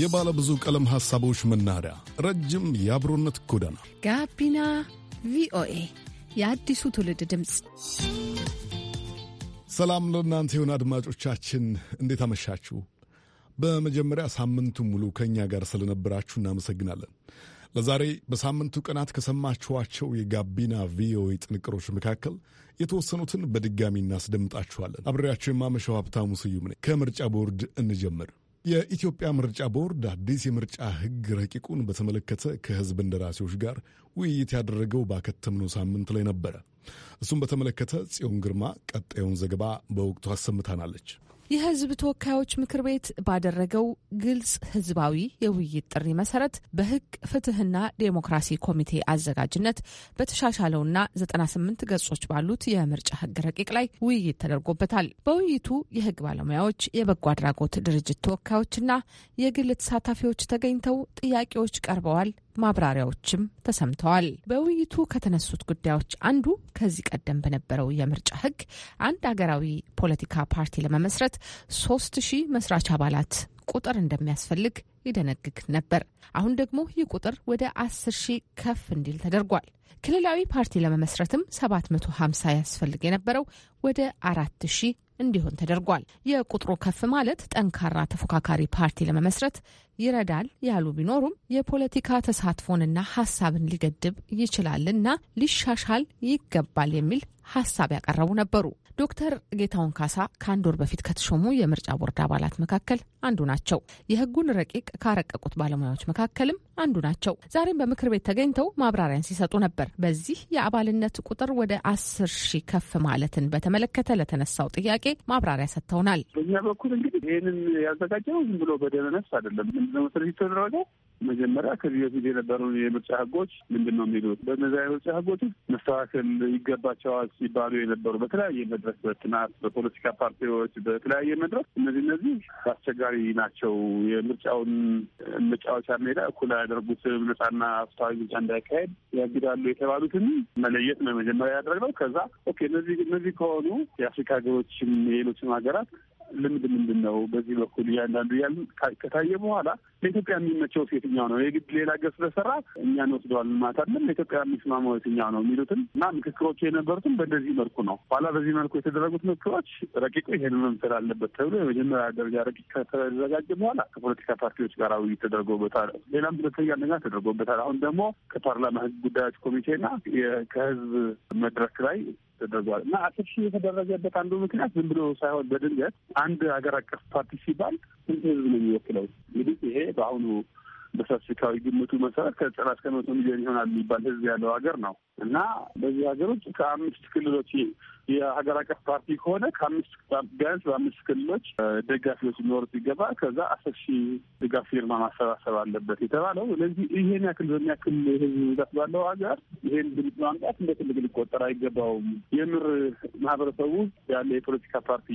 የባለ ብዙ ቀለም ሐሳቦች መናኸሪያ፣ ረጅም የአብሮነት ጎዳና ጋቢና ቪኦኤ የአዲሱ ትውልድ ድምፅ። ሰላም ለእናንተ ይሁን አድማጮቻችን፣ እንዴት አመሻችሁ? በመጀመሪያ ሳምንቱ ሙሉ ከእኛ ጋር ስለነበራችሁ እናመሰግናለን። ለዛሬ በሳምንቱ ቀናት ከሰማችኋቸው የጋቢና ቪኦኤ ጥንቅሮች መካከል የተወሰኑትን በድጋሚ እናስደምጣችኋለን። አብሬያቸው የማመሻው ሀብታሙ ስዩም ነኝ። ከምርጫ ቦርድ እንጀምር። የኢትዮጵያ ምርጫ ቦርድ አዲስ የምርጫ ሕግ ረቂቁን በተመለከተ ከሕዝብ እንደራሴዎች ጋር ውይይት ያደረገው ባከተምነው ሳምንት ላይ ነበረ። እሱም በተመለከተ ጽዮን ግርማ ቀጣዩን ዘገባ በወቅቱ አሰምታናለች። የህዝብ ተወካዮች ምክር ቤት ባደረገው ግልጽ ህዝባዊ የውይይት ጥሪ መሰረት በህግ ፍትህና ዴሞክራሲ ኮሚቴ አዘጋጅነት በተሻሻለውና 98 ገጾች ባሉት የምርጫ ህግ ረቂቅ ላይ ውይይት ተደርጎበታል። በውይይቱ የህግ ባለሙያዎች፣ የበጎ አድራጎት ድርጅት ተወካዮችና የግል ተሳታፊዎች ተገኝተው ጥያቄዎች ቀርበዋል፣ ማብራሪያዎችም ተሰምተዋል። በውይይቱ ከተነሱት ጉዳዮች አንዱ ከዚህ ቀደም በነበረው የምርጫ ሕግ አንድ ሀገራዊ ፖለቲካ ፓርቲ ለመመስረት ሶስት ሺህ መስራች አባላት ቁጥር እንደሚያስፈልግ ይደነግግ ነበር። አሁን ደግሞ ይህ ቁጥር ወደ አስር ሺህ ከፍ እንዲል ተደርጓል። ክልላዊ ፓርቲ ለመመስረትም 750 ያስፈልግ የነበረው ወደ አራት ሺህ እንዲሆን ተደርጓል። የቁጥሩ ከፍ ማለት ጠንካራ ተፎካካሪ ፓርቲ ለመመስረት ይረዳል ያሉ ቢኖሩም የፖለቲካ ተሳትፎንና ሀሳብን ሊገድብ ይችላልና ሊሻሻል ይገባል የሚል ሀሳብ ያቀረቡ ነበሩ። ዶክተር ጌታውን ካሳ ከአንድ ወር በፊት ከተሾሙ የምርጫ ቦርድ አባላት መካከል አንዱ ናቸው። የህጉን ረቂቅ ካረቀቁት ባለሙያዎች መካከልም አንዱ ናቸው። ዛሬም በምክር ቤት ተገኝተው ማብራሪያን ሲሰጡ ነበር። በዚህ የአባልነት ቁጥር ወደ አስር ሺህ ከፍ ማለትን በተመለከተ ለተነሳው ጥያቄ ማብራሪያ ሰጥተውናል። በእኛ በኩል እንግዲህ ይህንን ያዘጋጀው ዝም ብሎ በደመነፍስ አይደለም። ምንድነው መሰረት የተደረገው መጀመሪያ ከዚህ በፊት የነበሩ የምርጫ ህጎች ምንድን ነው የሚሉት? በነዚያ የምርጫ ህጎች መስተካከል ይገባቸዋል ሲባሉ የነበሩ በተለያየ መድረክ፣ በትናት በፖለቲካ ፓርቲዎች በተለያየ መድረክ እነዚህ እነዚህ አስቸጋሪ ናቸው፣ የምርጫውን መጫወቻ ሜዳ እኩል አያደርጉትም፣ ነጻና አፍታዊ ምርጫ እንዳይካሄድ ያግዳሉ የተባሉትን መለየት ነው መጀመሪያ ያደረግነው። ከዛ ኦኬ እነዚህ እነዚህ ከሆኑ የአፍሪካ ሀገሮችም የሌሎችም ሀገራት ልምድ ምንድን ነው በዚህ በኩል እያንዳንዱ እያልን ከታየ በኋላ ለኢትዮጵያ የሚመቸው የትኛው ነው የግድ ሌላ ገር ስለሰራ እኛን ወስደዋል ማታለን ለኢትዮጵያ የሚስማማው የትኛው ነው የሚሉትን እና ምክክሮቹ የነበሩትም በእንደዚህ መልኩ ነው። ኋላ በዚህ መልኩ የተደረጉት ምክክሮች ረቂቁ ይሄን መምሰል አለበት ተብሎ የመጀመሪያ ደረጃ ረቂቅ ከተዘጋጀ በኋላ ከፖለቲካ ፓርቲዎች ጋር ውይይት ተደርጎበታል። ሌላም ሁለተኛ አደጋ ተደርጎበታል። አሁን ደግሞ ከፓርላማ ህዝብ ጉዳዮች ኮሚቴና ከህዝብ መድረክ ላይ ተደርጓል እና ሺህ የተደረገበት አንዱ ምክንያት ዝም ብሎ ሳይሆን በድንገት አንድ ሀገር አቀፍ ፓርቲ ሲባል ህዝብ ነው የሚወክለው። እንግዲህ ይሄ በአሁኑ በስታትስቲካዊ ግምቱ መሰረት ከዘጠና እስከ መቶ ሚሊዮን ይሆናል የሚባል ህዝብ ያለው ሀገር ነው እና በዚህ ሀገር ውስጥ ከአምስት ክልሎች የሀገር አቀፍ ፓርቲ ከሆነ ከአምስት ቢያንስ በአምስት ክልሎች ደጋፊዎች ሊኖሩት ይገባ ከዛ አስር ሺህ ድጋፍ ፊርማ ማሰባሰብ አለበት የተባለው። ስለዚህ ይሄን ያክል በሚያክል ህዝብ ብዛት ባለው ሀገር ይሄን ድምፅ ማምጣት እንደ ትልቅ ሊቆጠር አይገባውም። የምር ማህበረሰቡ ያለ የፖለቲካ ፓርቲ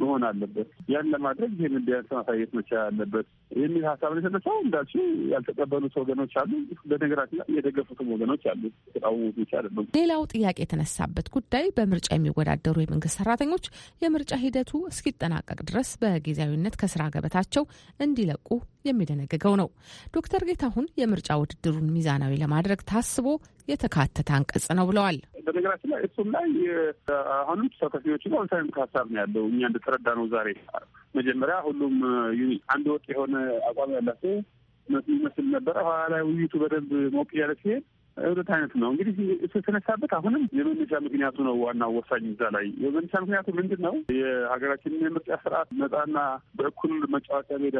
መሆን አለበት። ያን ለማድረግ ይህን ቢያንስ ማሳየት መቻል አለበት የሚል ሀሳብ ነው የተነሳው። እንዳልሽ ያልተቀበሉት ወገኖች አሉ፣ በነገራችን ላይ የደገፉትም ወገኖች አሉ። ተቃወሙት ብቻ አይደለም። ሌላው ጥያቄ የተነሳበት ጉዳይ በምርጫ የሚወዳደሩ የመንግስት ሰራተኞች የምርጫ ሂደቱ እስኪጠናቀቅ ድረስ በጊዜያዊነት ከስራ ገበታቸው እንዲለቁ የሚደነግገው ነው። ዶክተር ጌታሁን የምርጫ ውድድሩን ሚዛናዊ ለማድረግ ታስቦ የተካተተ አንቀጽ ነው ብለዋል። በነገራችን ላይ እሱም ላይ አሁንም ተሳታፊዎች ኦንታይም ሀሳብ ነው ያለው። እኛ እንደተረዳ ነው ዛሬ መጀመሪያ ሁሉም አንድ ወጥ የሆነ አቋም ያላቸው ይመስል ነበረ። ኋላ ላይ ውይይቱ በደንብ ሞቅ ያለ ሲሄድ ህብረት አይነት ነው እንግዲህ የተነሳበት አሁንም የመነሻ ምክንያቱ ነው። ዋና ወሳኝ እዛ ላይ የመነሻ ምክንያቱ ምንድን ነው? የሀገራችንን የምርጫ ስርዓት ነጻና በእኩል መጫወቻ ሜዳ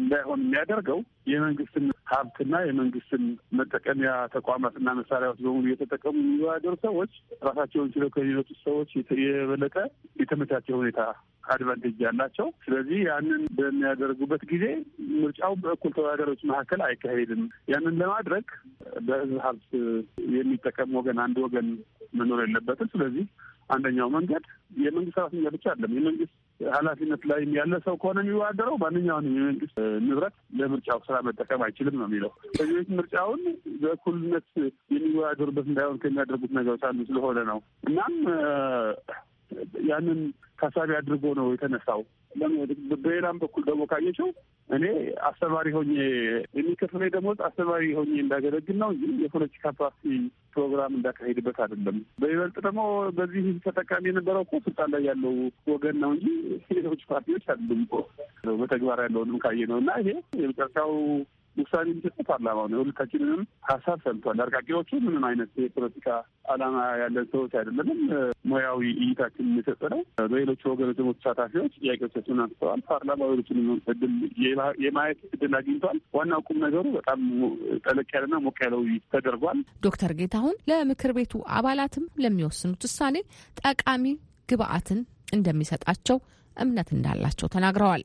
እንዳይሆን የሚያደርገው የመንግስትን ሀብትና የመንግስትን መጠቀሚያ ተቋማትና መሳሪያዎች በሙሉ እየተጠቀሙ የሚወዳደሩ ሰዎች ራሳቸውን ችለው ከሚመጡት ሰዎች የበለጠ የተመቻቸ ሁኔታ አድቫንቴጅ ያላቸው። ስለዚህ ያንን በሚያደርጉበት ጊዜ ምርጫው በእኩል ተወዳዳሪዎች መካከል አይካሄድም። ያንን ለማድረግ በህዝብ ሀብት የሚጠቀም ወገን አንድ ወገን መኖር የለበትም። ስለዚህ አንደኛው መንገድ የመንግስት ሰራተኛ ብቻ አይደለም። የመንግስት ኃላፊነት ላይ ያለ ሰው ከሆነ የሚወዳደረው ማንኛውንም የመንግስት ንብረት ለምርጫው ስራ መጠቀም አይችልም ነው የሚለው። ከዚህ ምርጫውን በእኩልነት የሚወዳደሩበት እንዳይሆን ከሚያደርጉት ነገሮች አንዱ ስለሆነ ነው። እናም ያንን ታሳቢ አድርጎ ነው የተነሳው። በሌላም በኩል ደግሞ ካየችው እኔ አስተማሪ ሆኜ የሚከፍለኝ ደሞዝ አስተማሪ ሆኜ እንዳገለግል ነው እንጂ የፖለቲካ ፓርቲ ፕሮግራም እንዳካሄድበት አይደለም። በይበልጥ ደግሞ በዚህ ተጠቃሚ የነበረው እኮ ስልጣን ላይ ያለው ወገን ነው እንጂ ሌሎች ፓርቲዎች አይደሉም እኮ በተግባር ያለውንም ካየ ነው እና ይሄ የመጨረሻው ውሳኔ የሚሰጠው ፓርላማ ነው። የሁላችንንም ሀሳብ ሰምቷል። አርቃቂዎቹ ምንም አይነት የፖለቲካ አላማ ያለን ሰዎች አይደለንም። ሙያዊ እይታችን የሚሰጥ ነው። በሌሎች ወገኖች ደግሞ ተሳታፊዎች ጥያቄዎቻቸውን አንስተዋል። ፓርላማ ሌሎችንም እድል የማየት እድል አግኝቷል። ዋናው ቁም ነገሩ በጣም ጠለቅ ያለና ሞቅ ያለ ውይይት ተደርጓል። ዶክተር ጌታሁን ለምክር ቤቱ አባላትም ለሚወስኑት ውሳኔ ጠቃሚ ግብአትን እንደሚሰጣቸው እምነት እንዳላቸው ተናግረዋል።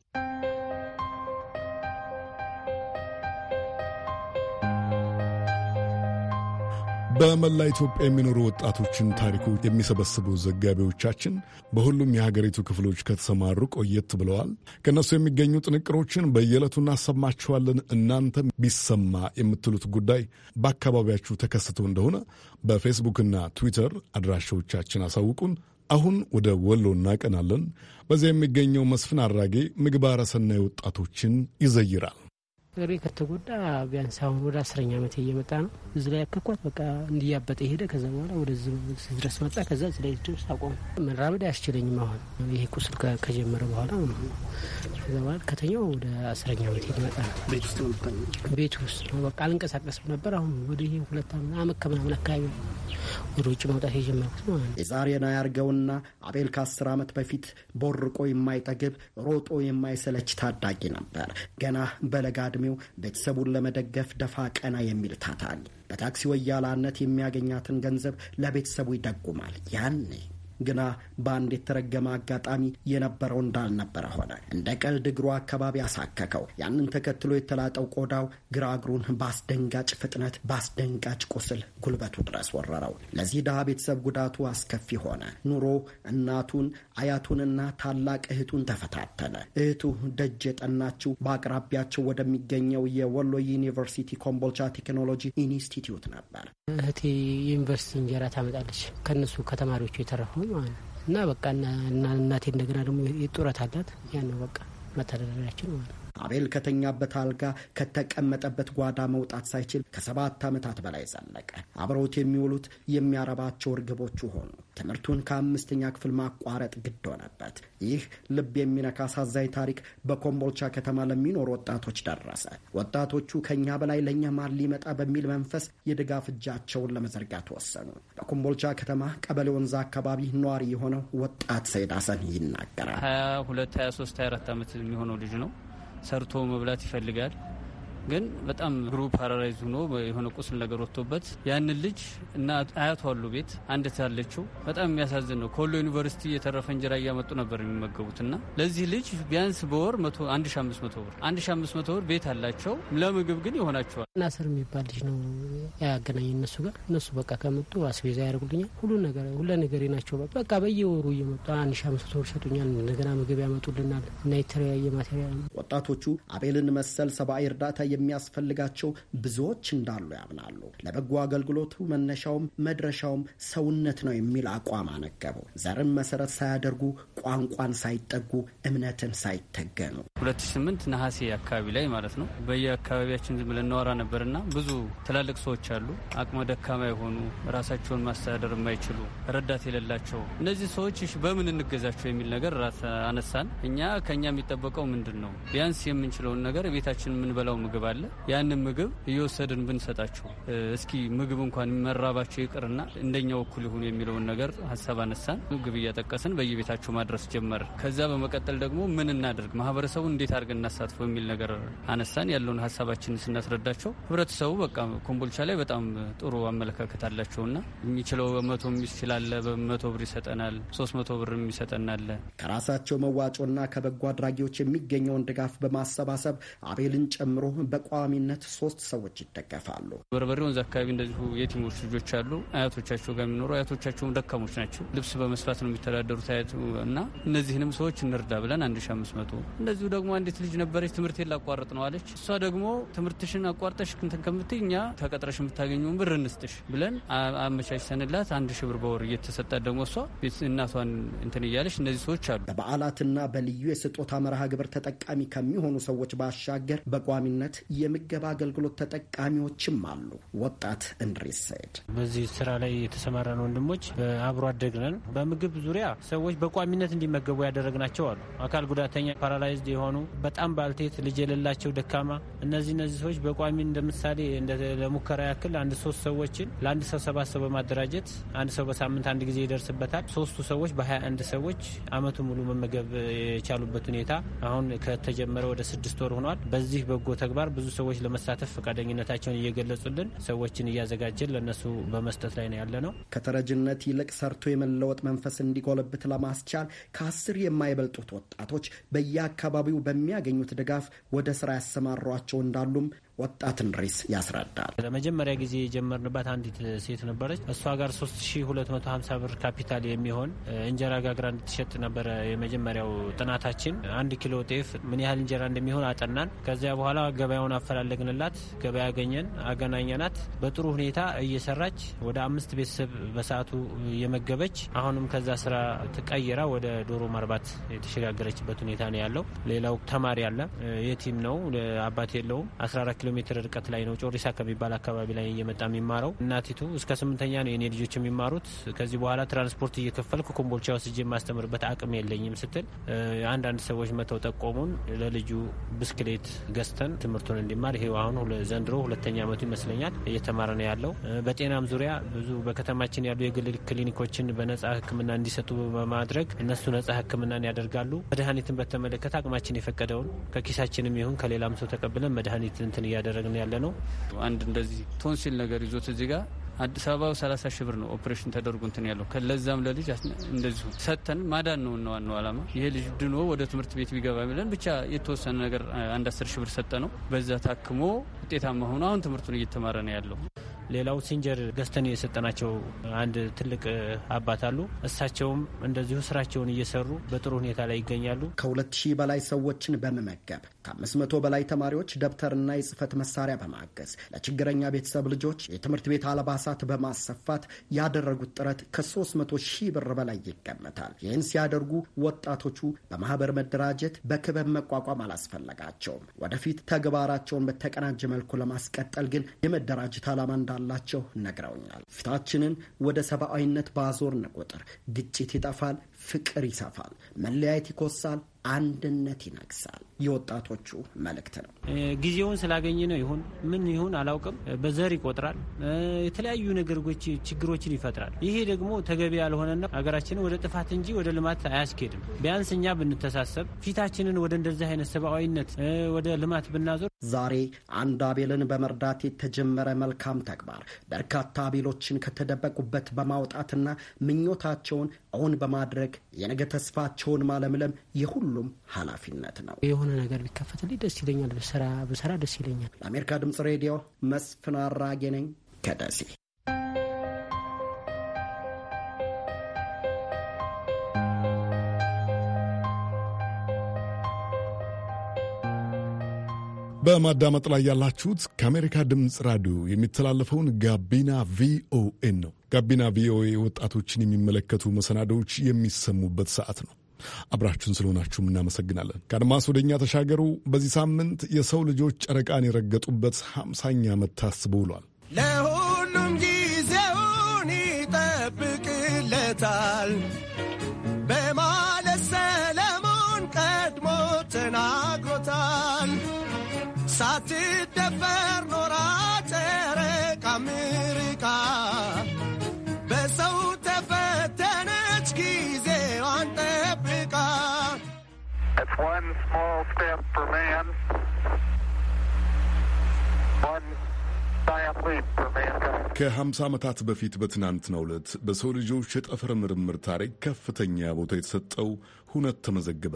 በመላ ኢትዮጵያ የሚኖሩ ወጣቶችን ታሪኩ የሚሰበስቡ ዘጋቢዎቻችን በሁሉም የሀገሪቱ ክፍሎች ከተሰማሩ ቆየት ብለዋል። ከእነሱ የሚገኙ ጥንቅሮችን በየዕለቱ እናሰማችኋለን። እናንተም ቢሰማ የምትሉት ጉዳይ በአካባቢያችሁ ተከስቶ እንደሆነ በፌስቡክና ትዊተር አድራሻዎቻችን አሳውቁን። አሁን ወደ ወሎ እናቀናለን። በዚያ የሚገኘው መስፍን አራጌ ምግባረ ሰናይ ወጣቶችን ይዘይራል። እግሬ ከተጎዳ ቢያንስ አሁን ወደ አስረኛ ዓመት እየመጣ ነው። እዚ ላይ ያከኳት በቃ እንዲያበጠ ሄደ። ከዛ በኋላ ወደዚህ ድረስ መጣ። ከዛ እዚ ላይ ድረስ አቆም። መራመድ አያስችለኝም አሁን ይሄ ቁስል ከጀመረ በኋላ ከዛ በኋላ ከተኛው ወደ አስረኛ ዓመት እየመጣ ነው። ቤት ውስጥ ነው በቃ አልንቀሳቀስም ነበር። አሁን ወደ ይሄ ሁለት አመት ከምናምን አካባቢ ነው ወደ ውጭ መውጣት የጀመርኩት ማለት ነው። የዛሬ ና ያርገውና አቤል ከአስር ዓመት በፊት ቦርቆ የማይጠግብ ሮጦ የማይሰለች ታዳጊ ነበር። ገና በለጋ እድሜ ተቃዋሚው ቤተሰቡን ለመደገፍ ደፋ ቀና የሚል ታታል። በታክሲ ወያላነት የሚያገኛትን ገንዘብ ለቤተሰቡ ይደጉማል። ያኔ ግና በአንድ የተረገመ አጋጣሚ የነበረው እንዳልነበረ ሆነ። እንደ ቀልድ እግሩ አካባቢ አሳከከው። ያንን ተከትሎ የተላጠው ቆዳው ግራ እግሩን በአስደንጋጭ ፍጥነት፣ በአስደንጋጭ ቁስል ጉልበቱ ድረስ ወረረው። ለዚህ ድሃ ቤተሰብ ጉዳቱ አስከፊ ሆነ። ኑሮ እናቱን አያቱንና ታላቅ እህቱን ተፈታተነ። እህቱ ደጅ የጠናችው በአቅራቢያቸው ወደሚገኘው የወሎ ዩኒቨርሲቲ ኮምቦልቻ ቴክኖሎጂ ኢንስቲትዩት ነበር። እህቴ ዩኒቨርሲቲ እንጀራ ታመጣለች ከነሱ ከተማሪዎቹ የተረፈውን አለሁኝ ማለት ነው። እና በቃ እናቴ እንደገና ደግሞ ጡረት አላት ያን ነው በቃ መተዳደሪያችን ማለት ነው። አቤል ከተኛበት አልጋ ከተቀመጠበት ጓዳ መውጣት ሳይችል ከሰባት ዓመታት በላይ ዘለቀ። አብረውት የሚውሉት የሚያረባቸው እርግቦቹ ሆኑ። ትምህርቱን ከአምስተኛ ክፍል ማቋረጥ ግድ ሆነበት። ይህ ልብ የሚነካ አሳዛኝ ታሪክ በኮምቦልቻ ከተማ ለሚኖሩ ወጣቶች ደረሰ። ወጣቶቹ ከእኛ በላይ ለእኛ ማን ሊመጣ በሚል መንፈስ የድጋፍ እጃቸውን ለመዘርጋት ወሰኑ። በኮምቦልቻ ከተማ ቀበሌ ወንዛ አካባቢ ነዋሪ የሆነው ወጣት ሰይድ ሀሰን ይናገራል። 22 23 24 ዓመት የሚሆነው ልጅ ነው ሰርቶ መብላት ይፈልጋል። ግን በጣም ግሩ ፓራላይዝ ሆኖ የሆነ ቁስል ነገር ወጥቶበት ያንን ልጅ እና አያቷ አሉ ቤት አንድ ያለችው በጣም የሚያሳዝን ነው። ከወሎ ዩኒቨርሲቲ የተረፈ እንጀራ እያመጡ ነበር የሚመገቡት እና ለዚህ ልጅ ቢያንስ በወር 1500 ብር 1500 ብር ቤት አላቸው ለምግብ ግን ይሆናቸዋል። ናስር የሚባል ልጅ ነው ያገናኝ እነሱ ጋር እነሱ በቃ ከመጡ አስቤዛ ያደርጉልኛል ሁሉ ነገር ሁለ ነገሬ ናቸው። በቃ በየወሩ እየመጡ 1500 ብር ይሰጡኛል። እንደገና ምግብ ያመጡልናል እና የተለያየ ማቴሪያል ወጣቶቹ አቤልን መሰል ሰብአዊ እርዳታ የሚያስፈልጋቸው ብዙዎች እንዳሉ ያምናሉ። ለበጎ አገልግሎቱ መነሻውም መድረሻውም ሰውነት ነው የሚል አቋም አነገቡ። ዘርን መሰረት ሳያደርጉ ቋንቋን ሳይጠጉ እምነትን ሳይተገኑ 2008 ነሐሴ አካባቢ ላይ ማለት ነው በየአካባቢያችን ዝም ብለን እናወራ ነበርና ብዙ ትላልቅ ሰዎች አሉ አቅመ ደካማ የሆኑ ራሳቸውን ማስተዳደር የማይችሉ ረዳት የሌላቸው እነዚህ ሰዎች በምን እንገዛቸው የሚል ነገር ራስ አነሳን። እኛ ከኛ የሚጠበቀው ምንድን ነው? ቢያንስ የምንችለውን ነገር ቤታችን የምንበላው ምግብ አለ። ያንን ምግብ እየወሰድን ብንሰጣቸው እስኪ ምግብ እንኳን መራባቸው ይቅርና እንደኛው እኩል ይሁኑ የሚለውን ነገር ሀሳብ አነሳን። ምግብ እያጠቀስን በየቤታቸው ማድረስ ጀመር። ከዛ በመቀጠል ደግሞ ምን እናደርግ፣ ማህበረሰቡን እንዴት አድርገን እናሳትፎ የሚል ነገር አነሳን። ያለውን ሀሳባችንን ስናስረዳቸው ህብረተሰቡ በቃ ኮምቦልቻ ላይ በጣም ጥሩ አመለካከት አላቸውና የሚችለው በመቶ ይችላለ በመቶ ብር ይሰጠናል፣ ሶስት መቶ ብር ይሰጠናለ። ከራሳቸው መዋጮና ከበጎ አድራጊዎች የሚገኘውን ድጋፍ በማሰባሰብ አቤልን ጨምሮ በቋሚነት ሶስት ሰዎች ይደገፋሉ። በርበሬ ወንዝ አካባቢ እንደዚሁ የቲሞች ልጆች አሉ። አያቶቻቸው ጋር የሚኖሩ አያቶቻቸውም ደካሞች ናቸው። ልብስ በመስፋት ነው የሚተዳደሩት አያቱ እና እነዚህንም ሰዎች እንርዳ ብለን አንድ ሺ አምስት መቶ እንደዚሁ ደግሞ አንዲት ልጅ ነበረች ትምህርት ላቋርጥ ነው አለች። እሷ ደግሞ ትምህርትሽን አቋርጠሽ እንትን ከምትይ እኛ ተቀጥረሽ የምታገኘውን ብር እንስጥሽ ብለን አመቻችተንላት አንድ ሺ ብር በወር እየተሰጣት ደግሞ እሷ እናቷን እንትን እያለች እነዚህ ሰዎች አሉ። በበዓላትና በልዩ የስጦታ መርሃ ግብር ተጠቃሚ ከሚሆኑ ሰዎች ባሻገር በቋሚነት የምገባ አገልግሎት ተጠቃሚዎችም አሉ። ወጣት እንድሪስ ሰይድ በዚህ ስራ ላይ የተሰማራን ወንድሞች አብሮ አደግነን በምግብ ዙሪያ ሰዎች በቋሚነት እንዲመገቡ ያደረግናቸው አሉ። አካል ጉዳተኛ፣ ፓራላይዝድ የሆኑ በጣም ባልቴት፣ ልጅ የሌላቸው ደካማ፣ እነዚህ እነዚህ ሰዎች በቋሚ እንደምሳሌ ለሙከራ ያክል አንድ ሶስት ሰዎችን ለአንድ ሰው ሰባት ሰው በማደራጀት አንድ ሰው በሳምንት አንድ ጊዜ ይደርስበታል። ሶስቱ ሰዎች በ አንድ ሰዎች አመቱ ሙሉ መመገብ የቻሉበት ሁኔታ አሁን ከተጀመረ ወደ ስድስት ወር ሆኗል። በዚህ በጎ ተግባር ተግባር ብዙ ሰዎች ለመሳተፍ ፈቃደኝነታቸውን እየገለጹልን ሰዎችን እያዘጋጀን ለእነሱ በመስጠት ላይ ነው ያለ ነው። ከተረጅነት ይልቅ ሰርቶ የመለወጥ መንፈስ እንዲጎለብት ለማስቻል ከአስር የማይበልጡት ወጣቶች በየአካባቢው በሚያገኙት ድጋፍ ወደ ስራ ያሰማሯቸው እንዳሉም ወጣትን ሬስ ያስረዳል። ለመጀመሪያ ጊዜ የጀመርንባት አንዲት ሴት ነበረች። እሷ ጋር 3250 ብር ካፒታል የሚሆን እንጀራ ጋግራ እንድትሸጥ ነበረ የመጀመሪያው ጥናታችን። አንድ ኪሎ ጤፍ ምን ያህል እንጀራ እንደሚሆን አጠናን። ከዚያ በኋላ ገበያውን አፈላለግንላት። ገበያ ገኘን አገናኘናት። በጥሩ ሁኔታ እየሰራች ወደ አምስት ቤተሰብ በሰዓቱ እየመገበች አሁንም ከዛ ስራ ተቀይራ ወደ ዶሮ ማርባት የተሸጋገረችበት ሁኔታ ነው ያለው። ሌላው ተማሪ አለ፣ የቲም ነው፣ አባት የለውም 14 ኪሎ ሜትር ርቀት ላይ ነው ጮሪሳ ከሚባል አካባቢ ላይ እየመጣ የሚማረው። እናቲቱ እስከ ስምንተኛ ነው የኔ ልጆች የሚማሩት። ከዚህ በኋላ ትራንስፖርት እየከፈልኩ ኮምቦልቻ ወስጄ የማስተምርበት አቅም የለኝም ስትል አንዳንድ ሰዎች መተው ጠቆሙን። ለልጁ ብስክሌት ገዝተን ትምህርቱን እንዲማር ይሄ አሁን ዘንድሮ ሁለተኛ ዓመቱ ይመስለኛል እየተማረ ነው ያለው። በጤናም ዙሪያ ብዙ በከተማችን ያሉ የግል ክሊኒኮችን በነጻ ሕክምና እንዲሰጡ በማድረግ እነሱ ነጻ ሕክምናን ያደርጋሉ። መድኃኒትን በተመለከተ አቅማችን የፈቀደውን ከኪሳችንም ይሁን ከሌላም ሰው ተቀብለን መድኃኒት እንትን እያደረግን ያለ ነው። አንድ እንደዚህ ቶንሲል ነገር ይዞት እዚህ ጋር አዲስ አበባ ሰላሳ ሺህ ብር ነው ኦፕሬሽን ተደርጎ እንትን ያለው ከለዛም ለልጅ እንደዚሁ ሰጥተን ማዳን ነው እና ዋናው አላማ ይሄ ልጅ ድኖ ወደ ትምህርት ቤት ቢገባ ብለን ብቻ የተወሰነ ነገር አንድ አስር ሺህ ብር ሰጠ ነው። በዛ ታክሞ ውጤታማ ሆኖ አሁን ትምህርቱን እየተማረ ነው ያለው። ሌላው ሲንጀር ገዝተን የሰጠናቸው አንድ ትልቅ አባት አሉ። እሳቸውም እንደዚሁ ስራቸውን እየሰሩ በጥሩ ሁኔታ ላይ ይገኛሉ። ከሁለት ሺህ በላይ ሰዎችን በመመገብ ከአምስት መቶ በላይ ተማሪዎች ደብተርና የጽህፈት መሳሪያ በማገዝ ለችግረኛ ቤተሰብ ልጆች የትምህርት ቤት አልባሳት በማሰፋት ያደረጉት ጥረት ከ300 ሺህ ብር በላይ ይገመታል። ይህን ሲያደርጉ ወጣቶቹ በማህበር መደራጀት በክበብ መቋቋም አላስፈለጋቸውም። ወደፊት ተግባራቸውን በተቀናጀ መልኩ ለማስቀጠል ግን የመደራጀት ዓላማ እንዳ እንዳላቸው ነግረውኛል። ፊታችንን ወደ ሰብአዊነት ባዞርን ቁጥር ግጭት ይጠፋል፣ ፍቅር ይሰፋል፣ መለያየት ይኮሳል፣ አንድነት ይነግሳል የወጣቶቹ መልእክት ነው። ጊዜውን ስላገኘ ነው ይሁን ምን ይሁን አላውቅም፣ በዘር ይቆጥራል፣ የተለያዩ ነገሮች ችግሮችን ይፈጥራል። ይሄ ደግሞ ተገቢ ያልሆነና ሀገራችንን ወደ ጥፋት እንጂ ወደ ልማት አያስኬድም። ቢያንስ እኛ ብንተሳሰብ ፊታችንን ወደ እንደዚህ አይነት ሰብአዊነት ወደ ልማት ብናዞር። ዛሬ አንድ አቤልን በመርዳት የተጀመረ መልካም ተግባር በርካታ አቤሎችን ከተደበቁበት በማውጣትና ምኞታቸውን እውን በማድረግ የነገ ተስፋቸውን ማለምለም የሁሉ የሁሉም ኃላፊነት ነው። የሆነ ነገር ቢከፈትልኝ ደስ ይለኛል፣ ብሰራ ደስ ይለኛል። ለአሜሪካ ድምጽ ሬዲዮ መስፍን አራጌ ነኝ ከደሴ። በማዳመጥ ላይ ያላችሁት ከአሜሪካ ድምፅ ራዲዮ የሚተላለፈውን ጋቢና ቪኦኤን ነው። ጋቢና ቪኦኤ ወጣቶችን የሚመለከቱ መሰናዶዎች የሚሰሙበት ሰዓት ነው። አብራችሁን ስለሆናችሁም እናመሰግናለን። ከአድማስ ወደኛ ተሻገሩ። በዚህ ሳምንት የሰው ልጆች ጨረቃን የረገጡበት ሃምሳኛ ዓመት ታስቦ ውሏል። ለሁሉም ጊዜውን ይጠብቅለታል በማለት ሰለሞን ቀድሞ ተናግሮታል። One small step for man, one giant leap for mankind. ከ50 ዓመታት በፊት በትናንትናው ዕለት በሰው ልጆች የጠፈር ምርምር ታሪክ ከፍተኛ ቦታ የተሰጠው ሁነት ተመዘገበ።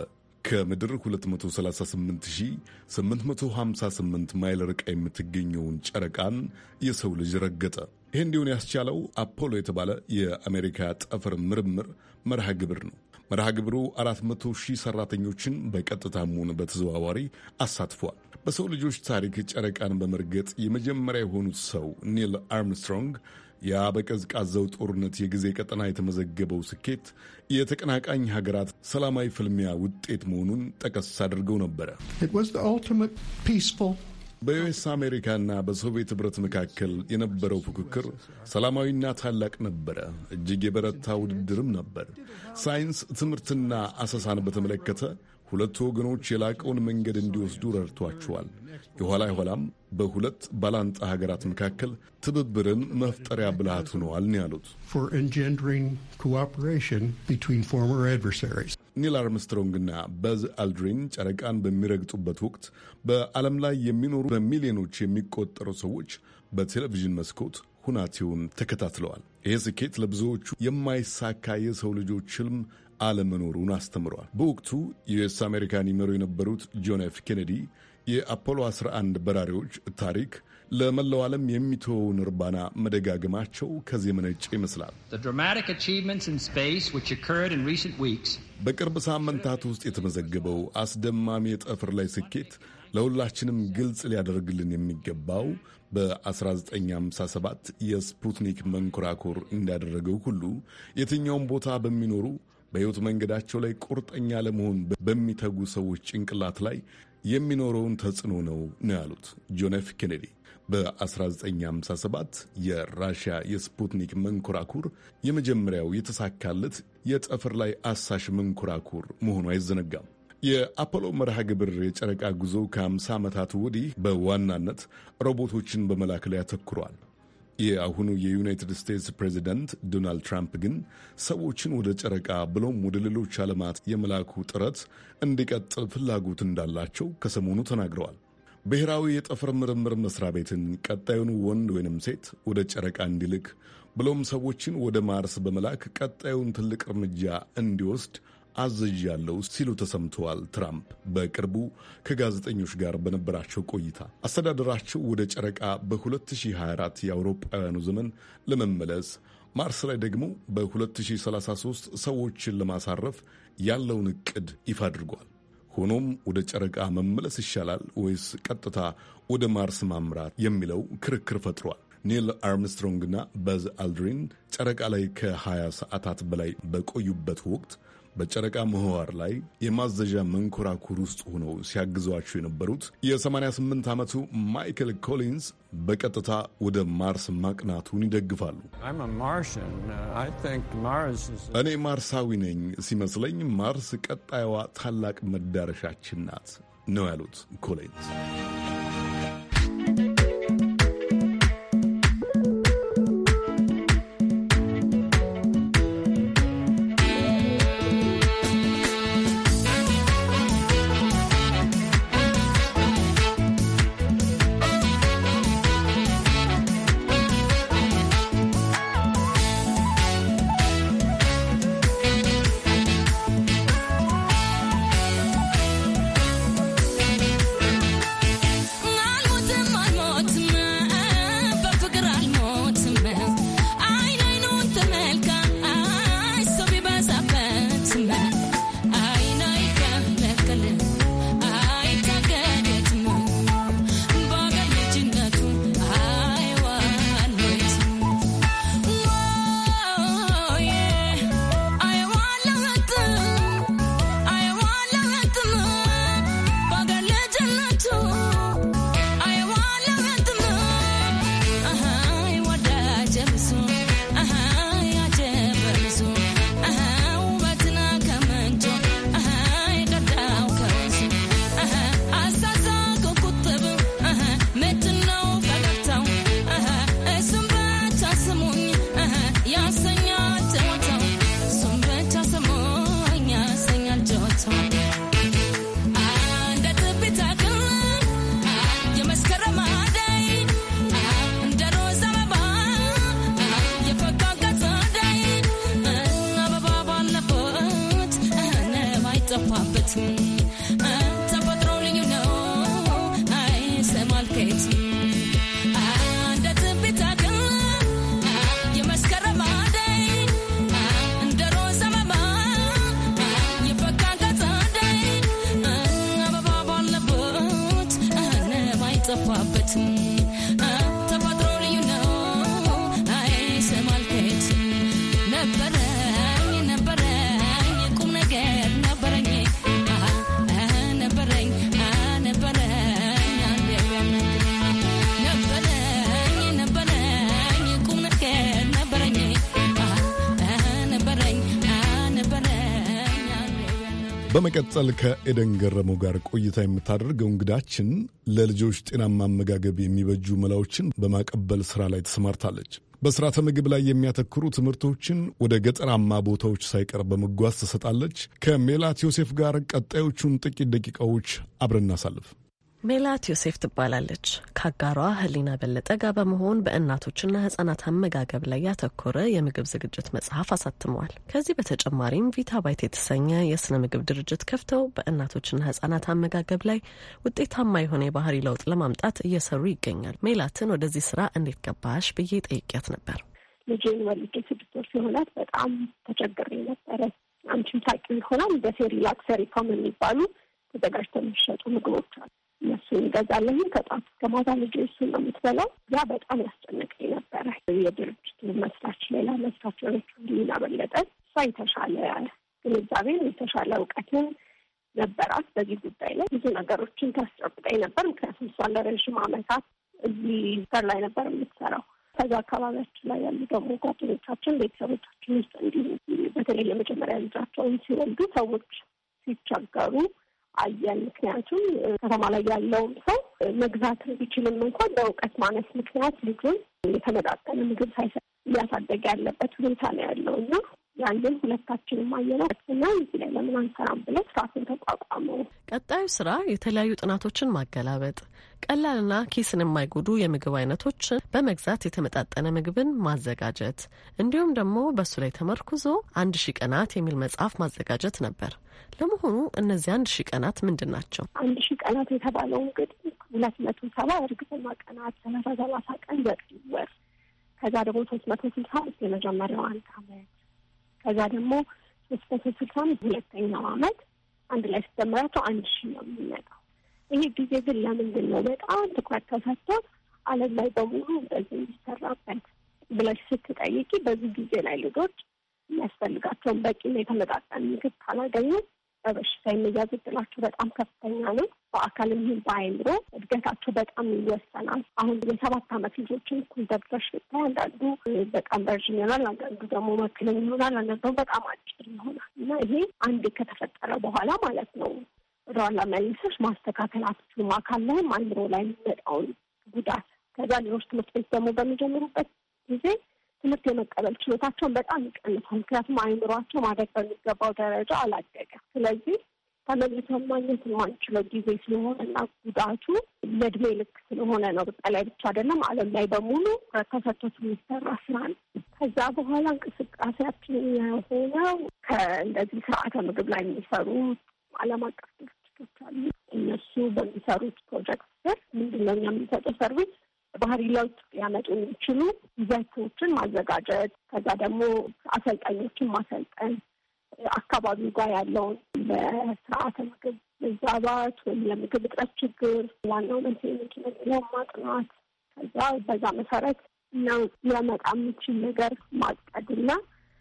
ከምድር 238858 ማይል ርቃ የምትገኘውን ጨረቃን የሰው ልጅ ረገጠ። ይህ እንዲሆን ያስቻለው አፖሎ የተባለ የአሜሪካ ጠፈር ምርምር መርሃ ግብር ነው። መርሃ ግብሩ 400 መቶ ሺህ ሰራተኞችን በቀጥታም ሆነ በተዘዋዋሪ አሳትፏል። በሰው ልጆች ታሪክ ጨረቃን በመርገጥ የመጀመሪያ የሆኑት ሰው ኒል አርምስትሮንግ ያ በቀዝቃዛው ጦርነት የጊዜ ቀጠና የተመዘገበው ስኬት የተቀናቃኝ ሀገራት ሰላማዊ ፍልሚያ ውጤት መሆኑን ጠቀስ አድርገው ነበረ። በዩኤስ አሜሪካና በሶቪየት ህብረት መካከል የነበረው ፉክክር ሰላማዊና ታላቅ ነበረ። እጅግ የበረታ ውድድርም ነበር። ሳይንስ ትምህርትና አሰሳን በተመለከተ ሁለቱ ወገኖች የላቀውን መንገድ እንዲወስዱ ረድቷቸዋል። የኋላ የኋላም በሁለት ባላንጣ ሀገራት መካከል ትብብርን መፍጠሪያ ብልሃት ሆነዋል ያሉት። ኒል አርምስትሮንግና በዝ አልድሪን ጨረቃን በሚረግጡበት ወቅት በዓለም ላይ የሚኖሩ በሚሊዮኖች የሚቆጠሩ ሰዎች በቴሌቪዥን መስኮት ሁናቴውን ተከታትለዋል። ይህ ስኬት ለብዙዎቹ የማይሳካ የሰው ልጆች ህልም አለመኖሩን አስተምረዋል። በወቅቱ ዩኤስ አሜሪካን ይመሩ የነበሩት ጆን ኤፍ ኬኔዲ የአፖሎ 11 በራሪዎች ታሪክ ለመላው ዓለም የሚተወውን እርባና መደጋገማቸው ከዚህ የመነጨ ይመስላል። በቅርብ ሳምንታት ውስጥ የተመዘገበው አስደማሚ የጠፈር ላይ ስኬት ለሁላችንም ግልጽ ሊያደርግልን የሚገባው በ1957 የስፑትኒክ መንኮራኩር እንዳደረገው ሁሉ የትኛውም ቦታ በሚኖሩ በሕይወት መንገዳቸው ላይ ቁርጠኛ ለመሆን በሚተጉ ሰዎች ጭንቅላት ላይ የሚኖረውን ተጽዕኖ ነው ነው ያሉት ጆን ኤፍ ኬኔዲ። በ1957 የራሽያ የስፑትኒክ መንኮራኩር የመጀመሪያው የተሳካለት የጠፈር ላይ አሳሽ መንኮራኩር መሆኑ አይዘነጋም። የአፖሎ መርሃ ግብር የጨረቃ ጉዞ ከ50 ዓመታት ወዲህ በዋናነት ሮቦቶችን በመላክ ላይ አተኩሯል። የአሁኑ የዩናይትድ ስቴትስ ፕሬዚደንት ዶናልድ ትራምፕ ግን ሰዎችን ወደ ጨረቃ ብሎም ወደ ሌሎች ዓለማት የመላኩ ጥረት እንዲቀጥል ፍላጎት እንዳላቸው ከሰሞኑ ተናግረዋል። ብሔራዊ የጠፈር ምርምር መስሪያ ቤትን ቀጣዩን ወንድ ወይንም ሴት ወደ ጨረቃ እንዲልክ ብሎም ሰዎችን ወደ ማርስ በመላክ ቀጣዩን ትልቅ እርምጃ እንዲወስድ ያለው ሲሉ ተሰምተዋል። ትራምፕ በቅርቡ ከጋዜጠኞች ጋር በነበራቸው ቆይታ አስተዳደራቸው ወደ ጨረቃ በ2024 የአውሮፓውያኑ ዘመን ለመመለስ ማርስ ላይ ደግሞ በ2033 ሰዎችን ለማሳረፍ ያለውን እቅድ ይፋ አድርጓል። ሆኖም ወደ ጨረቃ መመለስ ይሻላል ወይስ ቀጥታ ወደ ማርስ ማምራት የሚለው ክርክር ፈጥሯል። ኒል አርምስትሮንግና በዝ አልድሪን ጨረቃ ላይ ከ20 ሰዓታት በላይ በቆዩበት ወቅት በጨረቃ ምህዋር ላይ የማዘዣ መንኮራኩር ውስጥ ሆነው ሲያግዟቸው የነበሩት የ88 ዓመቱ ማይክል ኮሊንስ በቀጥታ ወደ ማርስ ማቅናቱን ይደግፋሉ። እኔ ማርሳዊ ነኝ፣ ሲመስለኝ ማርስ ቀጣዩዋ ታላቅ መዳረሻችን ናት ነው ያሉት ኮሊንስ። በመቀጠል ከኤደን ገረመው ጋር ቆይታ የምታደርገው እንግዳችን ለልጆች ጤናማ አመጋገብ የሚበጁ መላዎችን በማቀበል ስራ ላይ ተሰማርታለች። በስርዓተ ምግብ ላይ የሚያተክሩ ትምህርቶችን ወደ ገጠራማ ቦታዎች ሳይቀር በመጓዝ ትሰጣለች። ከሜላት ዮሴፍ ጋር ቀጣዮቹን ጥቂት ደቂቃዎች አብረን እናሳልፍ። ሜላት ዮሴፍ ትባላለች። ከአጋሯ ህሊና በለጠ ጋር በመሆን በእናቶችና ህጻናት አመጋገብ ላይ ያተኮረ የምግብ ዝግጅት መጽሐፍ አሳትመዋል። ከዚህ በተጨማሪም ቪታ ባይት የተሰኘ የስነ ምግብ ድርጅት ከፍተው በእናቶችና ህጻናት አመጋገብ ላይ ውጤታማ የሆነ የባህሪ ለውጥ ለማምጣት እየሰሩ ይገኛል። ሜላትን ወደዚህ ስራ እንዴት ገባሽ ብዬ ጠይቄያት ነበር። ልጄን ወልጄ ስድስት ወር ሲሆናት በጣም ተቸግሬ ነበረ። አንቺም ታውቂው ይሆናል በሴሪላክ ሰሪፋም የሚባሉ ተዘጋጅተው የሚሸጡ ምግቦች አሉ። እነሱ ይገዛለሁ ከጧት ከማታ ልጅ እሱ ነው የምትበላው። ያ በጣም ያስጨንቀኝ ነበረ። የድርጅቱ መስራች ሌላ መስራች ሊና በለጠ፣ እሷ የተሻለ ግንዛቤን የተሻለ እውቀትን ነበራት በዚህ ጉዳይ ላይ ብዙ ነገሮችን ታስጨብጠኝ ነበር። ምክንያቱም እሷን ለረዥም ዓመታት እዚህ ሰር ላይ ነበር የምትሰራው። ከዛ አካባቢያችን ላይ ያሉ ደግሞ ጓደኞቻችን፣ ቤተሰቦቻችን ውስጥ እንዲሁ በተለይ ለመጀመሪያ ልጃቸውን ሲወልዱ ሰዎች ሲቸገሩ አየን። ምክንያቱም ከተማ ላይ ያለውም ሰው መግዛት ቢችልም እንኳን በእውቀት ማነስ ምክንያት ልጁን የተመጣጠነ ምግብ ሳይሰጥ እያሳደገ ያለበት ሁኔታ ነው ያለው እና ያንን ሁለታችንም አየነው እና እዚህ ላይ ለምን አንሰራም ብለው ስራትን ተቋቋመው። ቀጣዩ ስራ የተለያዩ ጥናቶችን ማገላበጥ፣ ቀላልና ኪስን የማይጎዱ የምግብ አይነቶችን በመግዛት የተመጣጠነ ምግብን ማዘጋጀት እንዲሁም ደግሞ በእሱ ላይ ተመርኩዞ አንድ ሺህ ቀናት የሚል መጽሐፍ ማዘጋጀት ነበር። ለመሆኑ እነዚህ አንድ ሺህ ቀናት ምንድን ናቸው? አንድ ሺህ ቀናት የተባለው እንግዲህ ሁለት መቶ ሰባ እርግዝና ቀናት፣ ሰላሳ ሰላሳ ቀን ዘጠኝ ወር፣ ከዛ ደግሞ ሶስት መቶ ስልሳ አምስት የመጀመሪያው አንድ አመት ከዛ ደግሞ ስፐሰ ስልሳም ሁለተኛው አመት አንድ ላይ ስትደምራቸው አንድ ሺ ነው የሚመጣው። ይሄ ጊዜ ግን ለምንድን ነው በጣም ትኩረት ተሰጥቶ ዓለም ላይ በሙሉ በዚህ እንዲሰራበት ብለሽ ስትጠይቂ በዚህ ጊዜ ላይ ልጆች የሚያስፈልጋቸውን በቂ የተመጣጠን ምግብ ካላገኙ በበሽታ የመያዝ እድላቸው በጣም ከፍተኛ ነው። በአካል ይሁን በአእምሮ እድገታቸው በጣም ይወሰናል። አሁን የሰባት አመት ልጆችን እኩል ደብረሽ ብታይ አንዳንዱ በጣም ረዥም ይሆናል፣ አንዳንዱ ደግሞ መካከለኛ ይሆናል፣ አንዳንዱ በጣም አጭር ይሆናል እና ይሄ አንድ ከተፈጠረ በኋላ ማለት ነው ሯላ መልሰሽ ማስተካከል አትችሉም። አካል ላይም አእምሮ ላይ የሚመጣውን ጉዳት ከዛ ሌሎች ትምህርት ቤት ደግሞ በሚጀምሩበት ጊዜ ትምህርት የመቀበል ችሎታቸውን በጣም ይቀንሳል። ምክንያቱም አይምሯቸው ማደግ በሚገባው ደረጃ አላደገ ስለዚህ ተመልሰን ማግኘት የማንችለው ጊዜ ስለሆነ እና ጉዳቱ ለእድሜ ልክ ስለሆነ ነው። በጠላይ ብቻ አይደለም፣ ዓለም ላይ በሙሉ ተሰቶት የሚሰራ ስራ ነው። ከዛ በኋላ እንቅስቃሴያችን የሆነው ከእንደዚህ ስርዓተ ምግብ ላይ የሚሰሩ ዓለም አቀፍ ድርጅቶች አሉ። እነሱ በሚሰሩት ፕሮጀክት ስር ምንድነው የሚሰጠው ሰርቪስ ባህሪ ለውጥ ሊያመጡ የሚችሉ ዘቶችን ማዘጋጀት፣ ከዛ ደግሞ አሰልጣኞችን ማሰልጠን አካባቢው ጋር ያለውን ለስርዓተ ምግብ መዛባት ወይም ለምግብ እጥረት ችግር ዋናው መንስኤ ምንድነው የሚለውን ማጥናት ከዛ በዛ መሰረት ነው ሊያመጣ የሚችል ነገር ማቀድና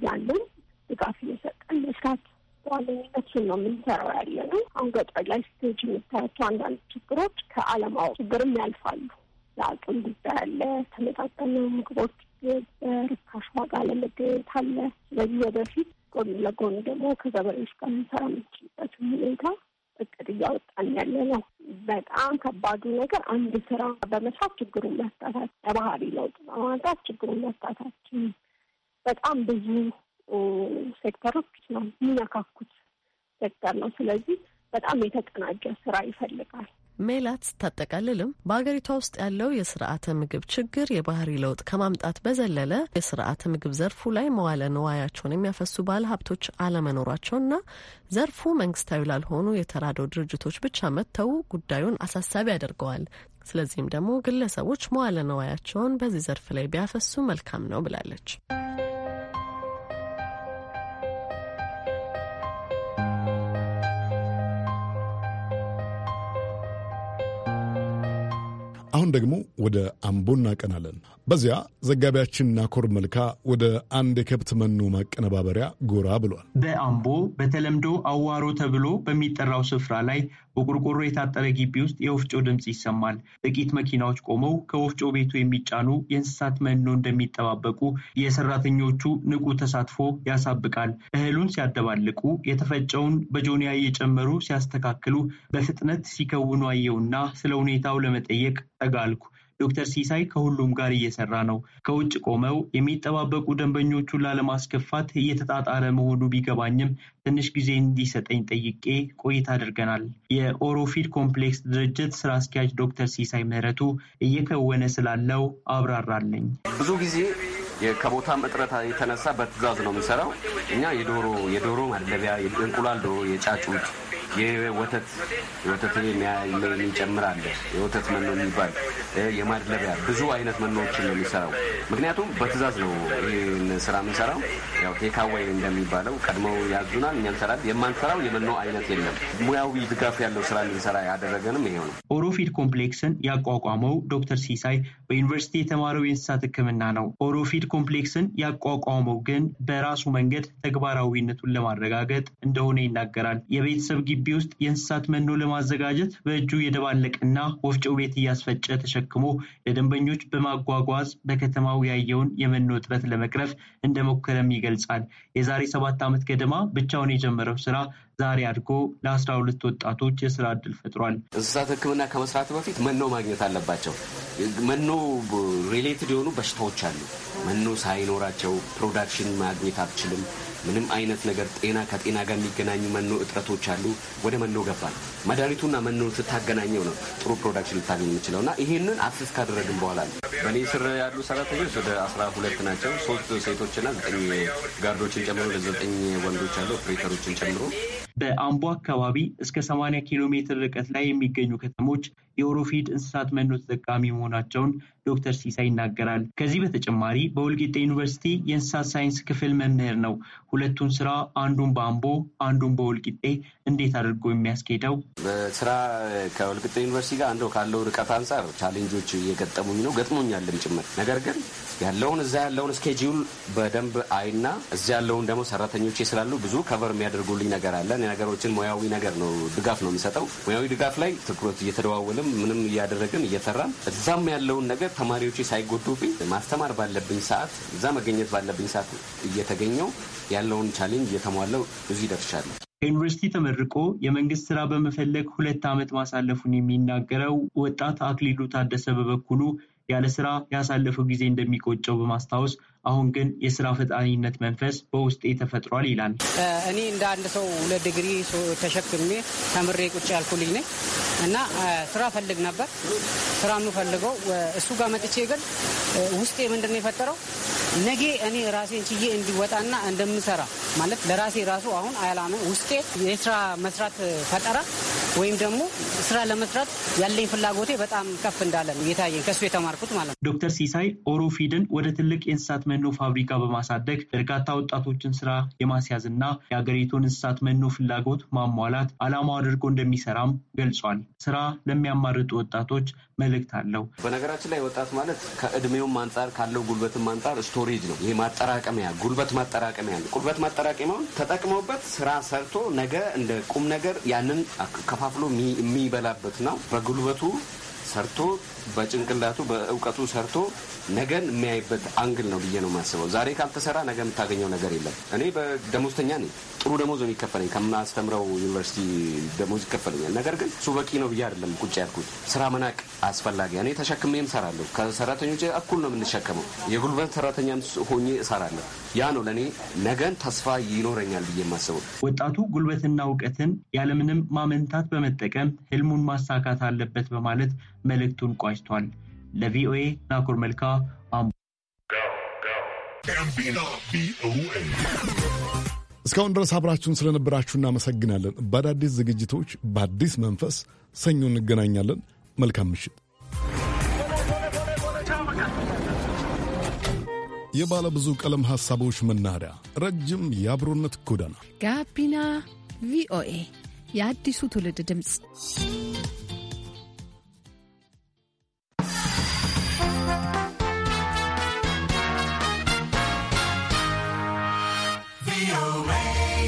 ያንን ድጋፍ እየሰጠን መስራት በዋነኝነት ነው የምንሰራው ያለ ነው። አሁን ገጠር ላይ ስቴጅ የምታያቸው አንዳንድ ችግሮች ከአለማወቅ ችግርም ያልፋሉ። የአቅም ጉዳይ አለ። ተመጣጠነ ምግቦች በርካሽ ዋጋ ለመገኘት አለ። ስለዚህ ወደፊት ጎን ለጎን ደግሞ ከገበሬዎች ጋር ልንሰራ የምንችልበት ሁኔታ እቅድ እያወጣን ያለ ነው። በጣም ከባዱ ነገር አንድ ስራ በመስራት ችግሩን መፍታታት፣ ለባህሪ ለውጥ በማምጣት ችግሩን መፍታታችን በጣም ብዙ ሴክተሮች ነው የሚነካኩት ሴክተር ነው። ስለዚህ በጣም የተቀናጀ ስራ ይፈልጋል። ሜላት ስታጠቃልልም በሀገሪቷ ውስጥ ያለው የስርዓተ ምግብ ችግር የባህሪ ለውጥ ከማምጣት በዘለለ የስርዓተ ምግብ ዘርፉ ላይ መዋለ ንዋያቸውን የሚያፈሱ ባለ ሀብቶች አለመኖራቸውና ዘርፉ መንግስታዊ ላልሆኑ የተራድኦ ድርጅቶች ብቻ መጥተው ጉዳዩን አሳሳቢ ያደርገዋል። ስለዚህም ደግሞ ግለሰቦች መዋለ ንዋያቸውን በዚህ ዘርፍ ላይ ቢያፈሱ መልካም ነው ብላለች። አሁን ደግሞ ወደ አምቦ እናቀናለን። በዚያ ዘጋቢያችን ናኮር መልካ ወደ አንድ የከብት መኖ ማቀነባበሪያ ጎራ ብሏል። በአምቦ በተለምዶ አዋሮ ተብሎ በሚጠራው ስፍራ ላይ በቆርቆሮ የታጠረ ግቢ ውስጥ የወፍጮ ድምፅ ይሰማል። ጥቂት መኪናዎች ቆመው ከወፍጮ ቤቱ የሚጫኑ የእንስሳት መኖ እንደሚጠባበቁ የሰራተኞቹ ንቁ ተሳትፎ ያሳብቃል። እህሉን ሲያደባልቁ፣ የተፈጨውን በጆንያ እየጨመሩ ሲያስተካክሉ፣ በፍጥነት ሲከውኑ አየውና ስለ ሁኔታው ለመጠየቅ ጠጋልኩ። ዶክተር ሲሳይ ከሁሉም ጋር እየሰራ ነው። ከውጭ ቆመው የሚጠባበቁ ደንበኞቹን ላለማስከፋት እየተጣጣረ መሆኑ ቢገባኝም ትንሽ ጊዜ እንዲሰጠኝ ጠይቄ ቆይታ አድርገናል። የኦሮፊድ ኮምፕሌክስ ድርጅት ስራ አስኪያጅ ዶክተር ሲሳይ ምህረቱ እየከወነ ስላለው አብራራለኝ። ብዙ ጊዜ ከቦታም እጥረት የተነሳ በትዕዛዝ ነው የምንሰራው እኛ የዶሮ የዶሮ ማለቢያ፣ የእንቁላል ዶሮ፣ የጫጩት የወተት ወተትን የሚጨምራለ የወተት መኖ የሚባል የማድለቢያ ብዙ አይነት መኖዎችን ነው የሚሰራው። ምክንያቱም በትእዛዝ ነው ይህን ስራ የምንሰራው። ያው ቴካዋይ እንደሚባለው ቀድመው ያዙናል፣ እኛ እንሰራለን። የማንሰራው የመኖ አይነት የለም። ሙያዊ ድጋፍ ያለው ስራ እንድንሰራ ያደረገንም ይሄው ነው። ኦሮፊድ ኮምፕሌክስን ያቋቋመው ዶክተር ሲሳይ በዩኒቨርሲቲ የተማረው የእንስሳት ሕክምና ነው። ኦሮፊድ ኮምፕሌክስን ያቋቋመው ግን በራሱ መንገድ ተግባራዊነቱን ለማረጋገጥ እንደሆነ ይናገራል። የቤተሰብ ግቢ ውስጥ የእንስሳት መኖ ለማዘጋጀት በእጁ የደባለቅና ወፍጮ ቤት እያስፈጨ ተሸክሞ ለደንበኞች በማጓጓዝ በከተማው ያየውን የመኖ እጥረት ለመቅረፍ እንደሞከረም ይገልጻል። የዛሬ ሰባት ዓመት ገደማ ብቻውን የጀመረው ስራ ዛሬ አድጎ ለአስራ ሁለት ወጣቶች የስራ እድል ፈጥሯል። እንስሳት ሕክምና ከመስራት በፊት መኖ ማግኘት አለባቸው። መኖ ሪሌትድ የሆኑ በሽታዎች አሉ። መኖ ሳይኖራቸው ፕሮዳክሽን ማግኘት አትችልም። ምንም አይነት ነገር ጤና ከጤና ጋር የሚገናኙ መኖ እጥረቶች አሉ። ወደ መኖ ገባል። መድኃኒቱና መኖ ስታገናኘው ነው ጥሩ ፕሮዳክሽን ልታገኝ የምችለው እና ይህንን አክሴስ ካደረግን በኋላ ነው። በእኔ ስር ያሉ ሰራተኞች ወደ አስራ ሁለት ናቸው። ሶስት ሴቶችና ዘጠኝ ጋርዶችን ጨምሮ ለዘጠኝ ወንዶች አሉ ኦፕሬተሮችን ጨምሮ በአምቦ አካባቢ እስከ 80 ኪሎ ሜትር ርቀት ላይ የሚገኙ ከተሞች የኦሮፊድ እንስሳት መኖ ተጠቃሚ መሆናቸውን ዶክተር ሲሳይ ይናገራል። ከዚህ በተጨማሪ በወልቂጤ ዩኒቨርሲቲ የእንስሳት ሳይንስ ክፍል መምህር ነው። ሁለቱን ስራ አንዱን በአምቦ አንዱን በወልቂጤ እንዴት አድርጎ የሚያስኬደው? ስራ ከወልቂጤ ዩኒቨርሲቲ ጋር አንዱ ካለው ርቀት አንጻር ቻሌንጆች እየገጠሙኝ ነው ገጥሞኛለም ጭምር ነገር ግን ያለውን እዛ ያለውን ስኬጁል በደንብ አይና እዚ ያለውን ደግሞ ሰራተኞች ስላሉ ብዙ ከቨር የሚያደርጉልኝ ነገር አለ። ነገሮችን ሙያዊ ነገር ነው ድጋፍ ነው የሚሰጠው። ሙያዊ ድጋፍ ላይ ትኩረት እየተደዋወልም ምንም እያደረግን እየሰራን እዛም ያለውን ነገር ተማሪዎች ሳይጎዱብኝ ማስተማር ባለብኝ ሰዓት እዛ መገኘት ባለብኝ ሰዓት እየተገኘው ያለውን ቻሌንጅ እየተሟለው ብዙ ይደርሻለሁ። ከዩኒቨርሲቲ ተመርቆ የመንግስት ስራ በመፈለግ ሁለት ዓመት ማሳለፉን የሚናገረው ወጣት አክሊሉ ታደሰ በበኩሉ ያለ ስራ ያሳለፈው ጊዜ እንደሚቆጨው በማስታወስ አሁን ግን የስራ ፈጣኒነት መንፈስ በውስጤ ተፈጥሯል ይላል። እኔ እንደ አንድ ሰው ሁለት ዲግሪ ተሸክሜ ተምሬ ቁጭ ያልኩልኝ ነኝ እና ስራ ፈልግ ነበር። ስራ የምፈልገው እሱ ጋር መጥቼ ግን ውስጤ ምንድን ነው የፈጠረው ነጌ እኔ ራሴን ችዬ እንዲወጣና እንደምሰራ ማለት ለራሴ ራሱ አሁን አያላምን ውስጤ የስራ መስራት ፈጠራ ወይም ደግሞ ስራ ለመስራት ያለኝ ፍላጎቴ በጣም ከፍ እንዳለ ነው የታየኝ ከሱ የተማርኩት ማለት ነው። ዶክተር ሲሳይ ኦሮፊድን ወደ ትልቅ የእንስሳት መኖ ፋብሪካ በማሳደግ በርካታ ወጣቶችን ስራ የማስያዝ እና የሀገሪቱን እንስሳት መኖ ፍላጎት ማሟላት አላማው አድርጎ እንደሚሰራም ገልጿል። ስራ ለሚያማርጡ ወጣቶች መልእክት አለው። በነገራችን ላይ ወጣት ማለት ከእድሜውም አንጻር ካለው ጉልበትም አንጻር ስቶሬጅ ነው። ይሄ ማጠራቀሚያ ጉልበት ማጠራቀሚያ ነው። ጉልበት ማጠራቀሚያውን ተጠቅመውበት ስራ ሰርቶ ነገ እንደ ቁም ነገር ያንን ከፋፍሎ የሚበላበት ነው። በጉልበቱ ሰርቶ በጭንቅላቱ በእውቀቱ ሰርቶ ነገን የሚያይበት አንግል ነው ብዬ ነው የማስበው። ዛሬ ካልተሰራ ነገ የምታገኘው ነገር የለም። እኔ በደሞዝተኛ ነኝ። ጥሩ ደሞዝ ነው የሚከፈለኝ ከማስተምረው ዩኒቨርሲቲ ደሞዝ ይከፈለኛል። ነገር ግን እሱ በቂ ነው ብዬ አይደለም ቁጭ ያልኩት። ስራ መናቅ አስፈላጊ እኔ ተሸክሜም እሰራለሁ። ከሰራተኞች እኩል ነው የምንሸከመው። የጉልበት ሰራተኛም ሆኜ እሰራለሁ። ያ ነው ለእኔ ነገን ተስፋ ይኖረኛል ብዬ የማስበው። ወጣቱ ጉልበትና እውቀትን ያለምንም ማመንታት በመጠቀም ህልሙን ማሳካት አለበት በማለት መልእክቱን ቋጭቷል። ለቪኦኤ ናኮር መልካ እስካሁን ድረስ አብራችሁን ስለነበራችሁ እናመሰግናለን። በአዳዲስ ዝግጅቶች በአዲስ መንፈስ ሰኞ እንገናኛለን። መልካም ምሽት። የባለ ብዙ ቀለም ሐሳቦች መናኸሪያ፣ ረጅም የአብሮነት ጎዳና፣ ጋቢና ቪኦኤ፣ የአዲሱ ትውልድ ድምፅ